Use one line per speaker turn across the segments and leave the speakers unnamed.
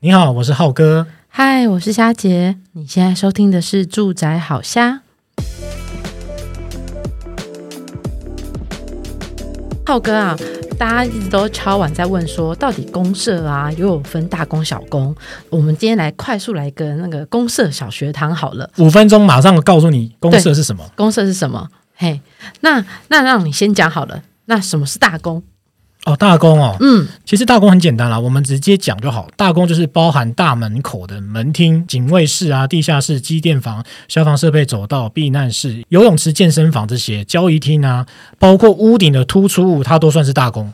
你好，我是浩哥。
嗨，我是蝦姐。你現在收聽的是《住宅好瞎》。浩哥啊，大家一直都敲碗在問說，到底公設啊，又有，有分大公小公？我們今天來快速來個那個公設小學堂好了，五
分鐘馬上告訴你公設是什麼？
公設是什麼？嘿，那那讓你先講好了。那什麼是大公？
哦，大公哦，嗯，其實大公很簡單啦，我們直接講就好。大公就是包含大門口的門廳、警衛室啊、地下室、機電房、消防設備、走道、避難室、游泳池、健身房這些，交誼廳啊，包括屋頂的突出物，它都算是大公。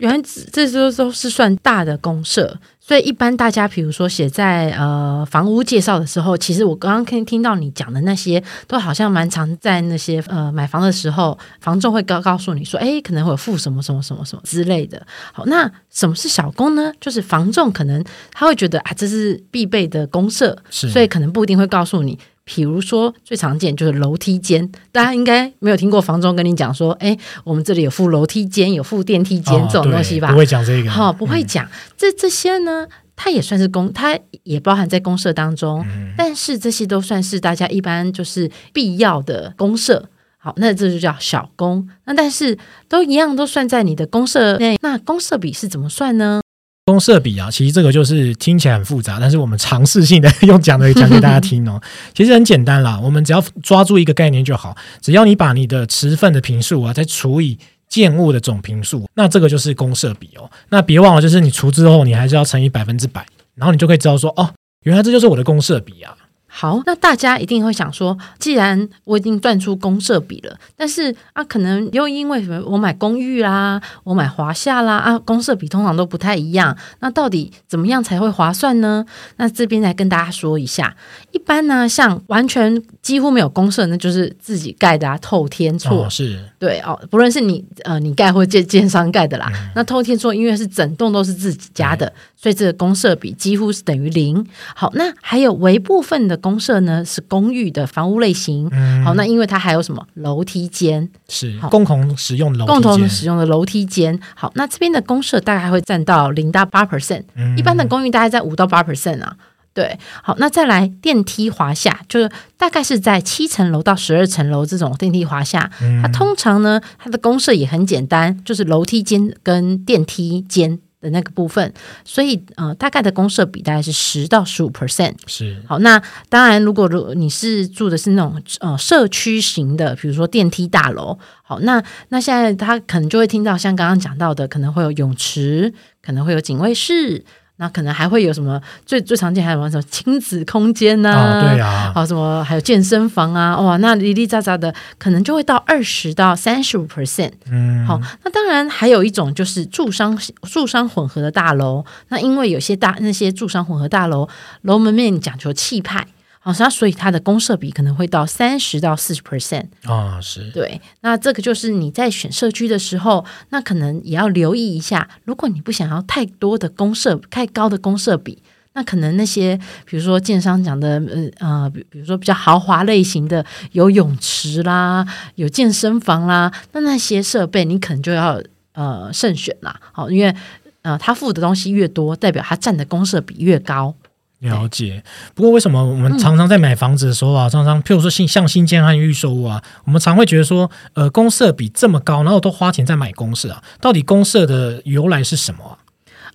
原來這這都都是算大的公設，所以一般大家比如說寫在呃房屋介紹的時候，其實我剛剛聽聽到你講的那些，都好像蠻常在那些呃買房的時候，房仲會告告訴你說，哎，可能會有附什麼什麼什麼什麼之類的。好，那什麼是小公呢？就是房仲可能他會覺得啊，這是必備的公設，所以可能不一定會告訴你。比如說，最常見就是樓梯間，大家應該沒有聽過房東跟你講說，哎、欸，我們這裡有附樓梯間，有附電梯間這種、哦、東西吧？不會講這個，好、哦，不會講、嗯、這這些呢，它也算是公，它也包含在公設當中、嗯。但是這些都算是大家一般就是必要的公設。好，那這就叫小公。那但是都一樣，都算在你的公設內。那公設比是怎麼算呢？
公設比啊，其實這個就是聽起來很複雜，但是我們嘗試性的用講的講給大家聽哦。 其實很簡單啦，我們只要抓住一個概念就好。只要你把你的持分的坪數啊，再除以建物的總坪數，那這個就是公設比哦。那別忘了，就是你除之後，你還是要乘以百分之百，然後你就可以知道說，哦，原來這就是我的公設比啊。好，那大家一
定會想說，既然我已經賺出公設比了，但是啊，可能又因為什麼？我買公寓啦，我買華廈啦啊，公設比通常都不太一樣。那到底怎麼樣才會划算呢？那這邊來跟大家說一下。一般呢，像完全幾乎沒有公設，那就是自己蓋的啊，透天厝、哦、是，對哦，不論是你呃你蓋或建建商蓋的啦，嗯、那透天厝因為是整棟都是自己家的，嗯、所以這個公設比幾乎是等於零。好，那還有唯部分的。公設呢是公寓的房屋類型，嗯，好，那因為它還有什麼樓梯間？
是共同使用樓共同使
用的樓梯間。好，那這邊的公設大概會佔到零到八 percent，一般的公寓大概在五到八 percent 啊。對，好，那再來電梯華廈，就是大概是在七層樓到十二層樓這種電梯華廈，嗯，它通常呢，它的公設也很簡單，就是樓梯間跟電梯間。的那個部分，所以呃，大概的公設比大概是十到十五 percent，是。好，那當然，如果如你是住的是那種呃社區型的，比如說電梯大樓，好，那那現在他可能就會聽到像剛剛講到的，可能會有泳池，可能會有警衛室。那可能還會有什麼最最常見，還有玩什麼親子空間吶、啊哦？對呀，好，什麼還有健身房啊？哇、哦，那零零雜雜的，可能就會到二十到三十五 percent。嗯，好、哦，那當然還有一種就是住商住商混合的大樓，那因為有些大那些住商混合大樓樓門面講求氣派。好，所以它的公設比可能會到三十到四十 percent 啊，是對。那這個就是你在選社區的時候，那可能也要留意一下。如果你不想要太多的公設，太高的公設比，那可能那些比如說建商講的，呃呃，比如說比較豪華類型的，有泳池啦，有健身房啦，那那些設備你可能就要呃慎選啦。好，因為呃，他附的東西越多，代表他
占的公設比越高。嗯了解，不過為什麼我們常常在買房子的時候啊，嗯、常常譬如說像新建案預售屋啊，我們常會覺得說，呃，公設比這麼高，然後都花錢在買公設啊，到底公設的由來是什麼啊？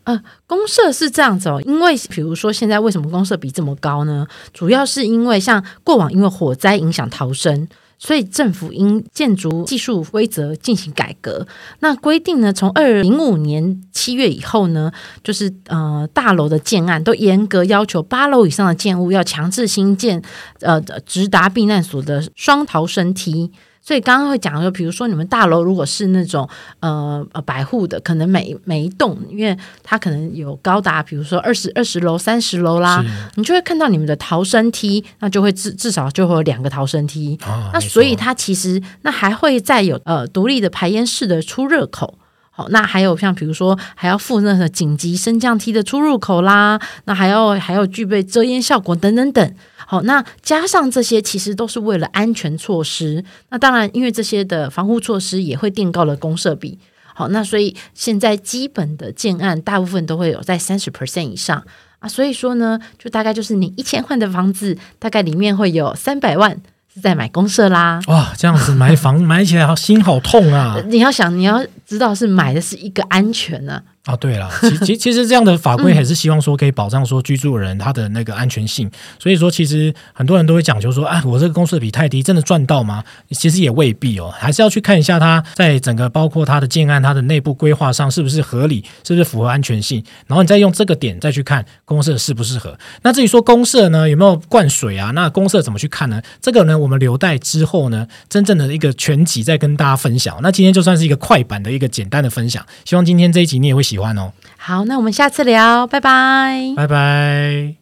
呃，公設是這樣子、哦，因為比如說現在為什麼公設比這麼高呢？主要是因為像過往因為火災影響逃生。所以政府因建築技術規則進行改革，那規定呢，從二零零五年七月以後呢，就是呃大樓的建案都嚴格要求八樓以上的建物要強制新建呃直達避難所的雙逃生梯。所以剛剛會講說，比如說你們大樓如果是那種呃呃百戶的，可能每每一棟，因為它可能有高達比如說二十二十樓、三十樓啦，你就會看到你們的逃生梯，那就會至至少就會有兩個逃生梯，啊、那所以它其實那還會再有呃獨立的排煙室的出熱口。好，那還有像比如說，還要附那個緊急升降梯的出入口啦，那還要還要具備遮煙效果等等等。好，那加上這些，其實都是為了安全措施。那當然，因為這些的防護措施也會墊高了公設比。好，那所以現在基本的建案大部分都會有在三十 percent 以上啊，所以說呢，就大概就是你一千萬的房子，大概裡面會有三百萬。在買公設啦！
哇，這樣子買房 買起來，好心好痛啊！
你要想，你要知道是買的是一個安全呢。
啊、哦，對了，其其其實這樣的法規還是希望說可以保障說居住人他的那個安全性，所以說其實很多人都會講究說，啊，我這個公設比太低，真的賺到嗎？其實也未必哦，還是要去看一下他在整個包括他的建案、他的內部規劃上是不是合理，是不是符合安全性，然後你再用這個點再去看公設適不適合。那至於說公設呢有沒有灌水啊？那公設怎麼去看呢？這個呢我們留待之後呢真正的一個全集再跟大家分享。那今天就算是一個快板的一個簡單的分享，希望今天這一集你也會喜喜歡哦，
好，那我們下次聊，拜拜，
拜拜。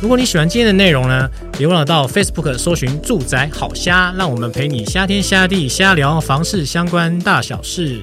如果你喜歡今天的內容呢，別忘了到 Facebook 搜尋“住宅好瞎”，讓我們陪你瞎天瞎地瞎聊房事相關大小事。